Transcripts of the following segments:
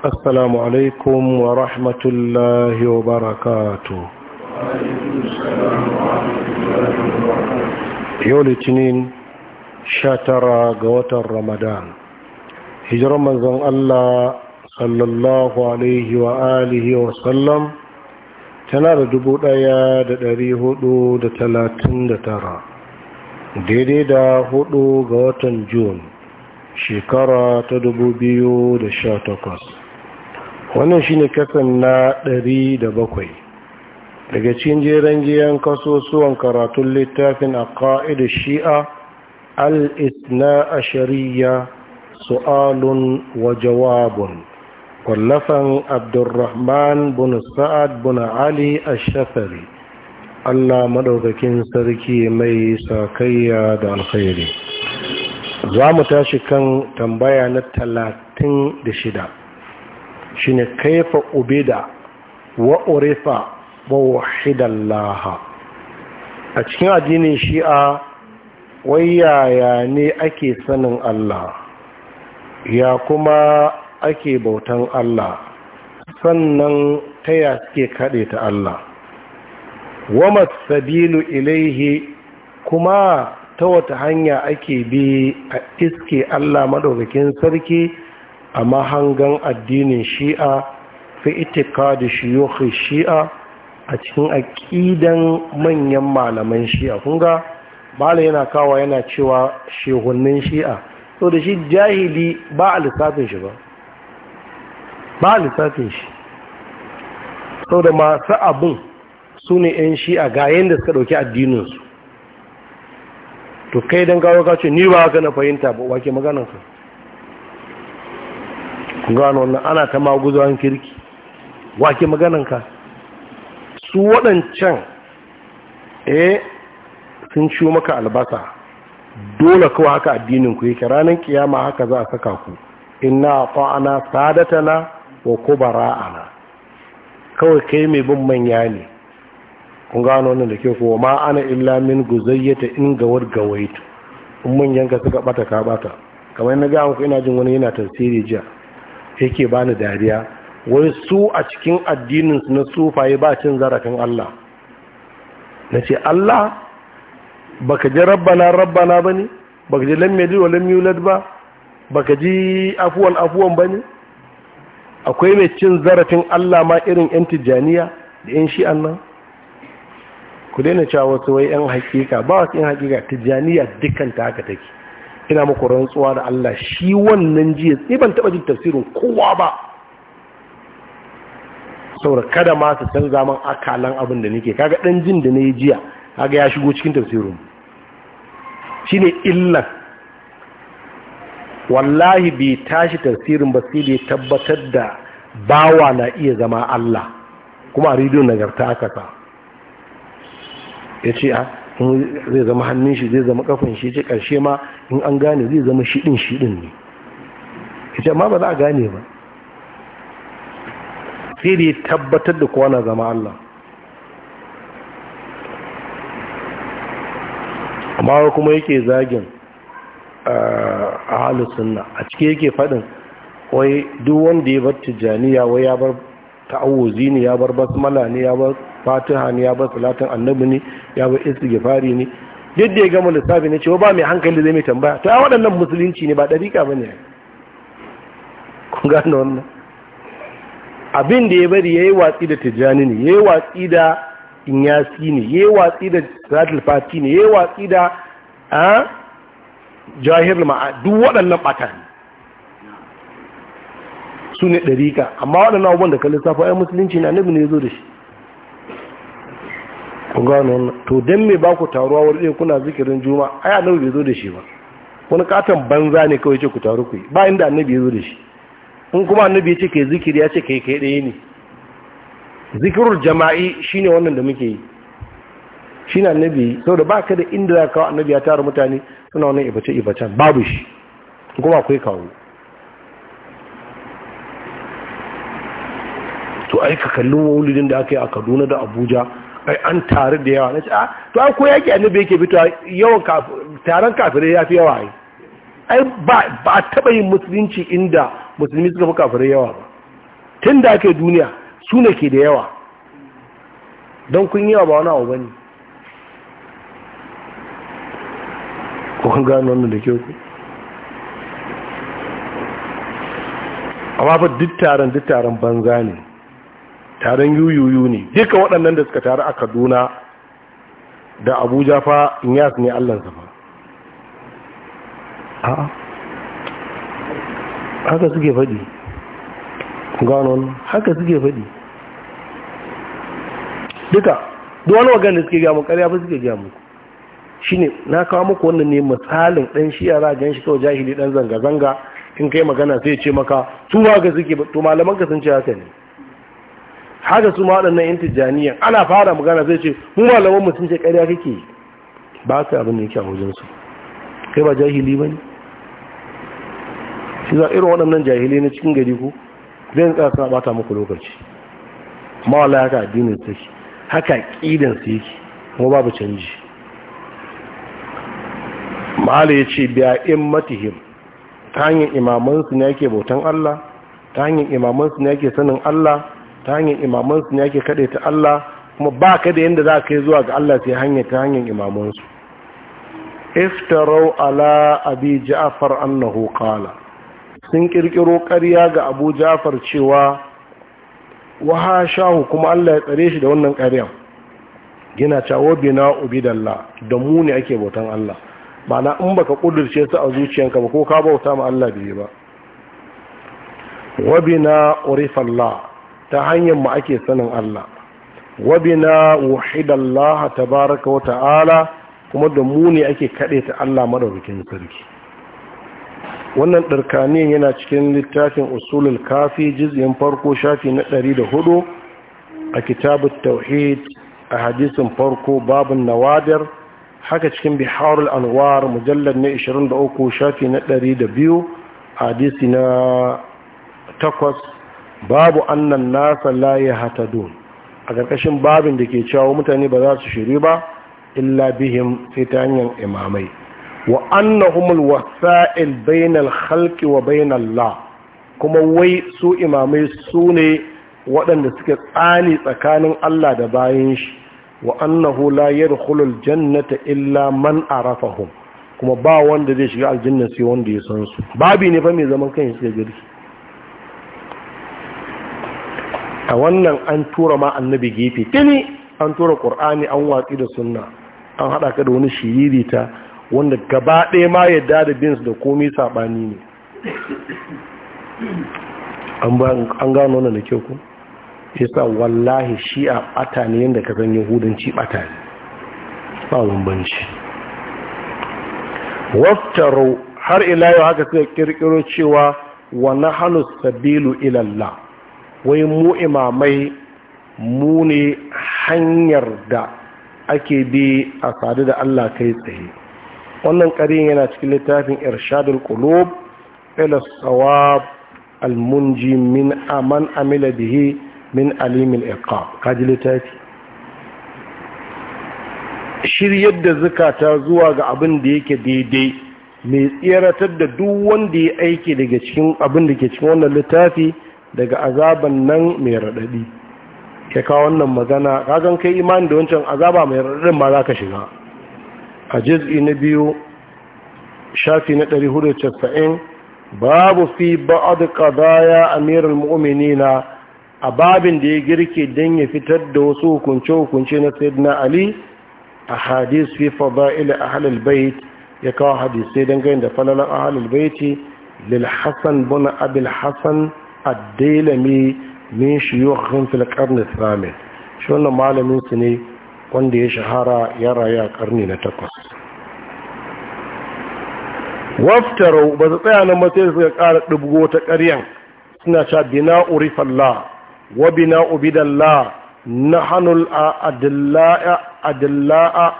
Assalamu alaikum wa rahmatullahi wa barakatu. Yau da tunin sha tara ga watan Ramadan. Hijar manzan Allah sallallahu alaihi wa alihi wa sallam tana da dubu ɗaya da dari hudu da talatin da tara. Daidai da hudu ga watan Jun. Shekara ta dubu biyu da sha takwas. wannan shine kasan na ɗari da bakwai daga cikin jeren jiyan kasusuwan karatun littafin a ƙa'id shi'a al-isna a shari'a su'alun wa jawabun kwallafan abdurrahman bin sa'ad bin ali a shafari Allah maɗaukakin sarki mai sakayya da alkhairi za mu tashi kan tambaya na talatin da shida shine kaifa ubida wa urifa mawahidallah a cikin addinin shi'a wayaya ne ake sanin Allah ya kuma ake bautan Allah sannan ta ya suke kaɗe ta Allah wa sabilu ilaihi kuma ta wata hanya ake bi a iske Allah madaukakin sarki a mahangan addinin shi'a fi itika da shiyokhi shi'a a cikin aƙidan manyan malaman shi'a kunga bala yana kawo yana cewa shehunnin shi'a so da shi jahili ba a lissafin shi ba ba a lissafin shi so da masu abin su ne 'yan shi'a ga yadda suka ɗauki addininsu to kai don gawo kace ni ba haka na fahimta ba wake maganarsa gano wannan ana ta maguzawan kirki wake magananka su waɗancan eh sun ciwo maka albasa dole kawai haka addininku yake ranar kiyama haka za a saka ku ina fa'ana sadatana wa kubara'ana kawai kai mai bin manya ne kun gano wannan da ke kowa ma ana illa min guzayyata in gawar gawaitu in manyan ka suka bata ka bata kamar na ga muku ina jin wani yana tasiri jiya yake bani dariya wai su a cikin addininsu na sufaye ba cin zarafin Allah na ce Allah baka ji rabbana rabbana ba ne baka ji lam wa lam ba, ba baka ji afuwan afuwan ba ne akwai mai cin zarafin Allah ma irin yan tijjaniya da yan shi'an nan ku daina cewa wasu wai yan hakika ba wasu yan hakika tijjaniya dukkan ta haka take ina muku rantsuwa da Allah shi wannan jiya sai ban taba jin tafsirin kowa ba saboda kada ma su san zaman akalan abin da nake kaga dan jin da nayi jiya kaga ya shigo cikin tafsirin shine illa wallahi bai tashi tafsirin ba sai bai tabbatar da bawa na iya zama Allah kuma a rediyon nagarta aka sa ya ce a ah, in zai zama hannun shi zai zama kafin shi ce karshe ma in an gane zai zama shiɗin shiɗin ne ita ma ba za a gane ba sai da ya tabbatar da kowa na zama Allah amma kuma yake zagin a halin suna a cike yake faɗin wai duk wanda ya bar tijjaniya wai ya bar ta'awuzi ne ya bar basmala ne ya bar fatiha ne ya bar salatin annabi ne ya bar istighfari ne duk da ya gama lissafi ne cewa ba mai hankali zai mai tambaya ta waɗannan musulunci ne ba dariƙa ba ne kun gane wannan abin da ya bari ya yi watsi da tijjani ne ya yi watsi da inyasi ne ya yi watsi da salatul fati ne ya yi watsi da a jahir ma'a duk waɗannan ɓata ne su ne ɗariƙa amma waɗannan abubuwan da ka lissafa ya musulunci ne annabi ne ya zo da shi ku gano wannan to don me baku taruwa wani ɗaya kuna zikirin juma ai annabi bai zo da shi ba wani katon banza ne kawai ce ku taru ku yi ba inda annabi ya zo da shi in kuma annabi ya ce kai zikiri ya ce kai kai ɗaya ne zikirul jama'i shine wannan da muke yi shine annabi saboda ba ka da inda za kawo annabi ya tara mutane suna wannan ibace ibacen babu shi kuma akwai kawo to aika kallon kalli maulidin da aka yi a kaduna da abuja ai an tare da yawa na ce a ah, to an ko yaki annabi yake fitowa yawan taron kafirai ya fi yawa ai ba a taɓa yin musulunci inda musulmi suka fi kafirai yawa ba tun da ake duniya su ne ke da yawa don kun yawa ba wani abu ba ne kan gano wannan da ke ku amma fa duk taron duk taron banza ne taron yuyuyu ne duka waɗannan da suka taru a kaduna da abuja fa yas ne allansa fa a haka suke faɗi ganon haka suke faɗi duka duwan wagan da suke gamu ƙarya fi suke gamu shi ne na kawo muku wannan ne misalin ɗan shiyara gan shi kawai jahili ɗan zanga-zanga in kai magana sai ce maka su ga suke to malaman ka sun ce haka ne haka su waɗannan yan tijjaniyan ana fara magana zai ce mu malaman mutum ce ƙarya kake ba ka abin da yake a wajensu kai ba jahili ba ne shi za irin waɗannan jahili na cikin gari ko zai tsara suna bata muku lokaci mawala wala haka addinin su yake haka ƙidan su yake kuma babu canji ma'ala ya ce biya in matihim ta hanyar imamansu ne yake bautan Allah ta hanyar imamansu ne yake sanin Allah ta hanyar imamansu ne ake kaɗe ta Allah kuma ba ka da yadda za ka yi zuwa ga Allah sai hanyar ta hanyar imamansu iftarau ala abi ja'afar annahu qala sun ƙirƙiro ƙarya ga abu ja'afar cewa wa shahu kuma Allah ya tsare shi da wannan ƙaryan Gina cewa bina ubidallah da mu ne ake bautan Allah na in baka kudurce su a zuciyanka ba ko ka bauta ma Allah biyu ba wabina bina urifallah ta hanyar mu ake sanin Allah wabina wahidallaha tabaraka wa ta'ala kuma da mu ne ake kaɗe ta Allah madaukakin sarki wannan ɗarkaniyan yana cikin littafin usulul kafi jizyin farko shafi na 104 da hudu a kitabut tauhid a hadisin farko babun nawadar haka cikin biharul anwar mujallar na 23 shafi na ɗari biyu hadisi na takwas babu annan nasa la don a ƙarƙashin babin da ke cewa mutane ba za su shiri ba illa bihim sai ta hanyar imamai wa humul wasa'il bainal khalqi wa bainal la kuma wai su imamai su ne waɗanda suke tsani tsakanin Allah da bayan shi wa annahu la yadkhulul jannata illa man arafahum kuma ba wanda zai shiga aljanna sai wanda ya san su babi ne fa mai zaman kan shi suke girki a wannan an tura ma annabi gefe tuni an tura ƙur'ani an watsi da sunna an haɗa ka da wani shiriri ta wanda gaba ɗaya ma yadda da bins da komai saɓani ne an gano wanda da kyau ku ya sa wallahi shi'a ɓata ne yadda ka zan yahudanci ɓata ne ba bambanci waftaro har ila yau haka suka kirkiro cewa wa hannu sabilu ilallah wai mu imamai mu ne hanyar da ake bi a sadu da Allah kai tsaye wannan ƙarin yana cikin littafin irshadul qulub ila sawab al min aman amila bihi min alimil iqab kaji littafi shiryar da zukata zuwa ga abin da yake daidai mai tseratar da duk wanda ya aiki daga cikin abin da ke cikin wannan littafi daga azaban nan mai raɗaɗi ya kawo wannan magana kagan kai imani da wancan azaba mai raɗaɗin ma za ka shiga a jiz'i na biyu shafi na ɗari hudu casa'in babu fi ba'ad qadaya amirul mu'minina a babin da ya girke don ya fitar da wasu hukunce-hukunce na sayyidina ali a hadis fi fada'il ahlul bait ya kawo hadisai dangane da falalan ahlul baiti lil hasan bin abul hasan addailami min shiyukhin fil karni samin shi wannan malamin su ne wanda ya shahara ya rayu a karni na takwas waftarau ba su tsaya nan ba sai suka ƙara ɗubgo ta karyan suna cewa bina urifalla wa bina ubidallah na hannun adilla'a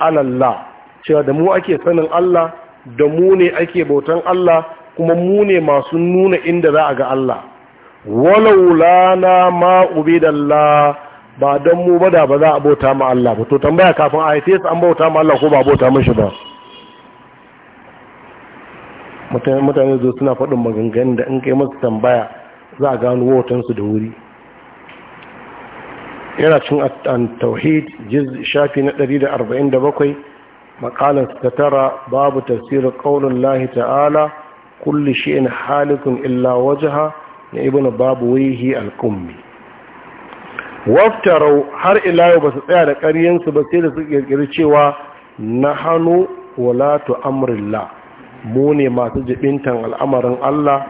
alallah cewa da mu ake sanin Allah da mu ne ake bautan Allah kuma mu ne masu nuna inda za a ga Allah walau lana ma ubi ba don mu bada ba za a bauta ma Allah ba to tambaya kafin a haife su an bauta ma Allah ko ba bauta mashi ba mutane zo suna faɗin maganganun da in kai masu tambaya za a gano wautansu da wuri yana cin an tauhid jiz shafi na ɗari da 147 makalar ta tara babu tafsirin ƙaunin lahi ta'ala Kulli shi in halikun illa wajaha na ibina babu al-qummi waftarau har ila yau ba su tsaya da ƙaryensu ba sai da su ƙirƙiri cewa na hannu walatu amrillah mu ne masu jibintan al'amarin Allah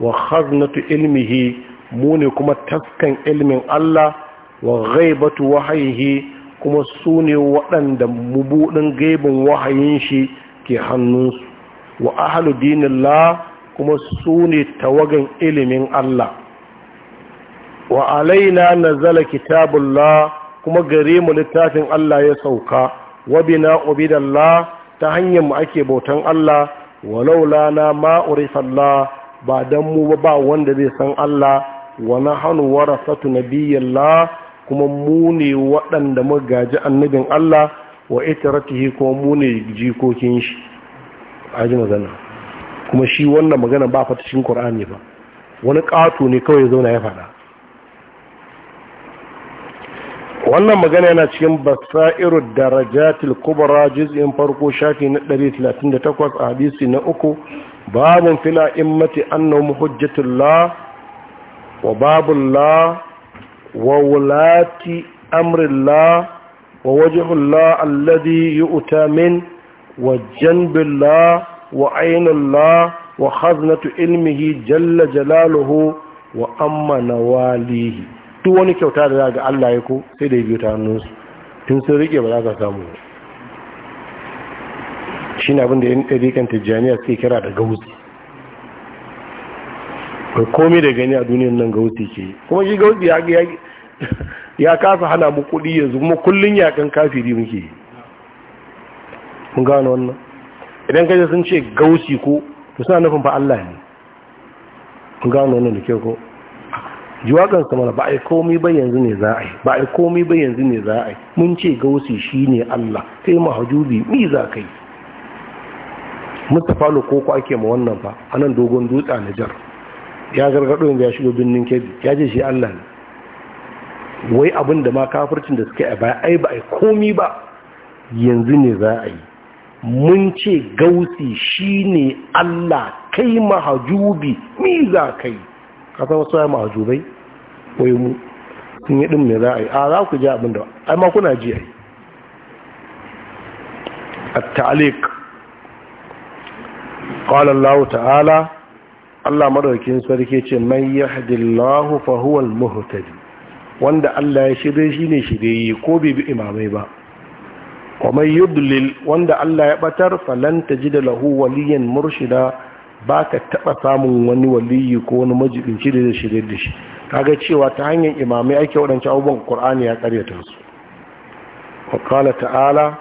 wa khaznatu ilmihi mu ne kuma taskan ilmin Allah wa ghaibatu wahayihi kuma su ne waɗanda mubudin gaibin wahayin shi ke hannunsu wa ahlu dinillah kuma su ne tawagan ilimin Allah wa alaina nazala kitabullah kuma gare mu littafin Allah ya sauka Wabina bina ubidallah ta hanyar mu ake bautan Allah Wa laulana ma urifallah ba dan mu ba wanda zai san Allah wa nahnu warasatu nabiyillah kuma mu ne waɗanda muka gaji annabin Allah wa itratihi kuma mu ne jikokin shi a ji magana kuma shi wannan magana ba fata cikin qur'ani ba wani ƙato ne kawai zauna ya fada wannan magana yana cikin basairu darajatil kubra juz'in farko shafi na 138 a hadisi na uku babin fila mati annahum hujjatullah wa la wa wulati la wa wajhullah alladi yi min wa janbillah wa ainullah wa khaznatu ilmihi jalla jalaluhu wa amma nawalihi duk wani kyauta da zaga Allah ya ko sai da ya biyo ta hannunsu tun sun rike ba za ka samu shi ne abinda yan ɗarikan tijjaniya sai kira da gauzi kai komai da gani a duniyan nan gauzi ke kuma gauzi ya kasa hana mu kuɗi yanzu kuma kullum yakan kafiri muke yi mun gano wannan idan kai sun ce gausi ko to suna nufin fa Allah ne mun gano wannan da kyau ko jiwakan sa mana ba ai komai ba yanzu ne za a yi ba ai komai ba yanzu ne za a yi mun ce gausi shine Allah kai mahajubi mi za kai Mustapha Lokoko ake ma wannan fa anan dogon dutsa na jar ya gargado yanzu ya shigo binnin kebi ya ce shi Allah ne wai abin da ma kafircin da suka yi a baya ai ba a komi ba yanzu ne za a yi mun ce gausi shine Allah kai mahajubi mi za kai san wasu ya mahajubai wai mu sun yi ɗin mai za a yi a za ku ji abin da ai ma kuna ji ai at-ta'liq qala Allah ta'ala Allah madaukin sarki ce man yahdillahu fa huwal muhtadi wanda Allah ya shirye shi ne shirye ko bai bi imamai ba wanda ya batar وند ta ji da lahu, waliyan Murshida ba ka taɓa samun wani waliyyi ko wani majibinci da shirye da shi kaga cewa ta hanyar imamai ake wadanci abubuwan Kur'ani ya karyata su wa ta'ala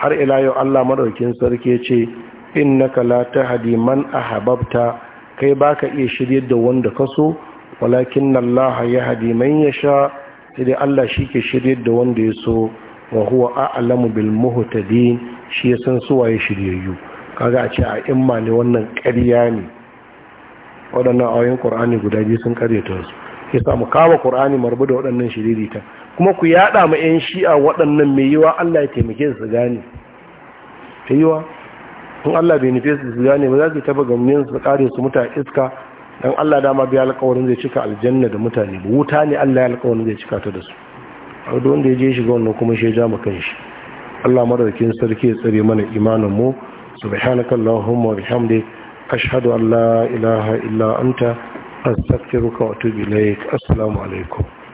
har ila yau Allah madaukin sarki ya ce innaka la tahdi man ahbabta kai baka iya shirye da wanda so, walakin Allah yahdi man yasha sai Allah shi ke da wanda ya so wa huwa a'lamu bil muhtadin shi ya san su waye shiryayyu kaga a ce a imma ne wannan ƙarya ne waɗannan ayoyin qur'ani guda biyu sun karyata su ya mu kawo qur'ani marbu da waɗannan shiririta kuma ku yada ma yan shi'a waɗannan mai yiwa Allah ya taimake su gane yiwa in Allah bai nufe su gane ba za su taba gamnin su kare su muta iska dan Allah dama biya alƙawarin zai cika aljanna da mutane wuta ne Allah ya alƙawarin zai cika ta da su a wanda ya je shiga wannan kuma shi ja kan shi Allah madaukakin sarki ya tsare mana imanin mu subhanaka allahumma wa bihamdi ashhadu an la ilaha illa anta astaghfiruka wa atubu ilaik assalamu alaikum